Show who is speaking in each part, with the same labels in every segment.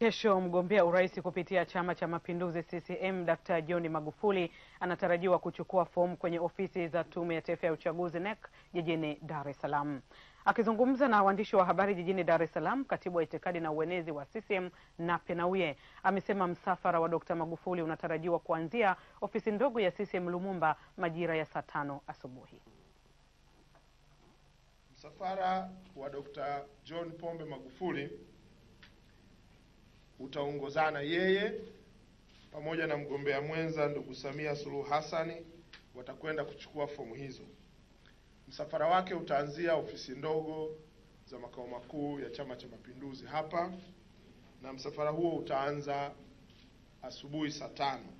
Speaker 1: Kesho mgombea urais kupitia Chama cha Mapinduzi CCM Dkt. John Magufuli anatarajiwa kuchukua fomu kwenye ofisi za Tume ya Taifa ya Uchaguzi NEC jijini Dar es Salaam. Akizungumza na waandishi wa habari jijini Dar es Salaam, katibu wa itikadi na uenezi wa CCM Nape Nnauye amesema msafara wa Dkt. Magufuli unatarajiwa kuanzia ofisi ndogo ya CCM Lumumba majira ya saa tano asubuhi.
Speaker 2: Msafara wa Dkt. John Pombe Magufuli utaongozana yeye pamoja na mgombea mwenza ndugu Samia Suluhu Hassan watakwenda kuchukua fomu hizo. Msafara wake utaanzia ofisi ndogo za makao makuu ya Chama cha Mapinduzi hapa, na msafara huo utaanza asubuhi saa tano.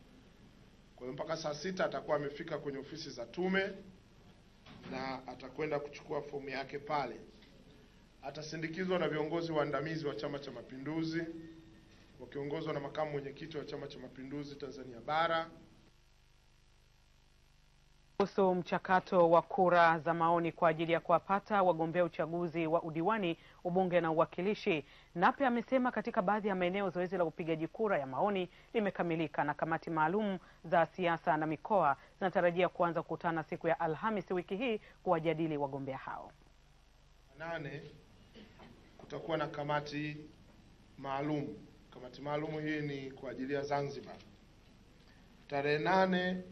Speaker 2: Kwa hiyo mpaka saa sita atakuwa amefika kwenye ofisi za tume na atakwenda kuchukua fomu yake pale. Atasindikizwa na viongozi waandamizi wa Chama cha Mapinduzi wakiongozwa na makamu mwenyekiti wa Chama cha Mapinduzi Tanzania Bara
Speaker 1: kuhusu mchakato wa kura za maoni kwa ajili ya kuwapata wagombea uchaguzi wa udiwani, ubunge na uwakilishi. Nape amesema katika baadhi ya maeneo zoezi la upigaji kura ya maoni limekamilika na kamati maalum za siasa na mikoa zinatarajia kuanza kukutana siku ya Alhamisi wiki hii kuwajadili wagombea hao.
Speaker 2: Nane, kutakuwa na kamati maalum Kamati maalum hii ni kwa ajili ya Zanzibar. Tarehe nane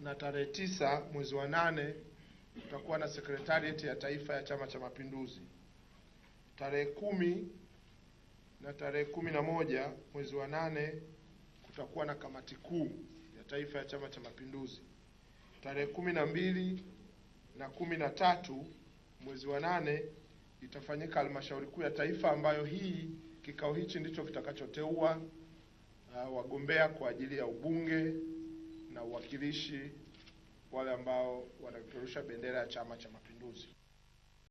Speaker 2: na tarehe tisa mwezi wa nane tutakuwa na sekretarieti ya taifa ya Chama cha Mapinduzi. Tarehe kumi na tarehe kumi na moja mwezi wa nane kutakuwa na kamati kuu ya taifa ya Chama cha Mapinduzi. Tarehe kumi na mbili na kumi na tatu mwezi wa nane itafanyika halmashauri kuu ya taifa ambayo hii Kikao hichi ndicho kitakachoteua uh, wagombea kwa ajili ya ubunge na uwakilishi, wale ambao wanapeperusha bendera ya Chama cha Mapinduzi.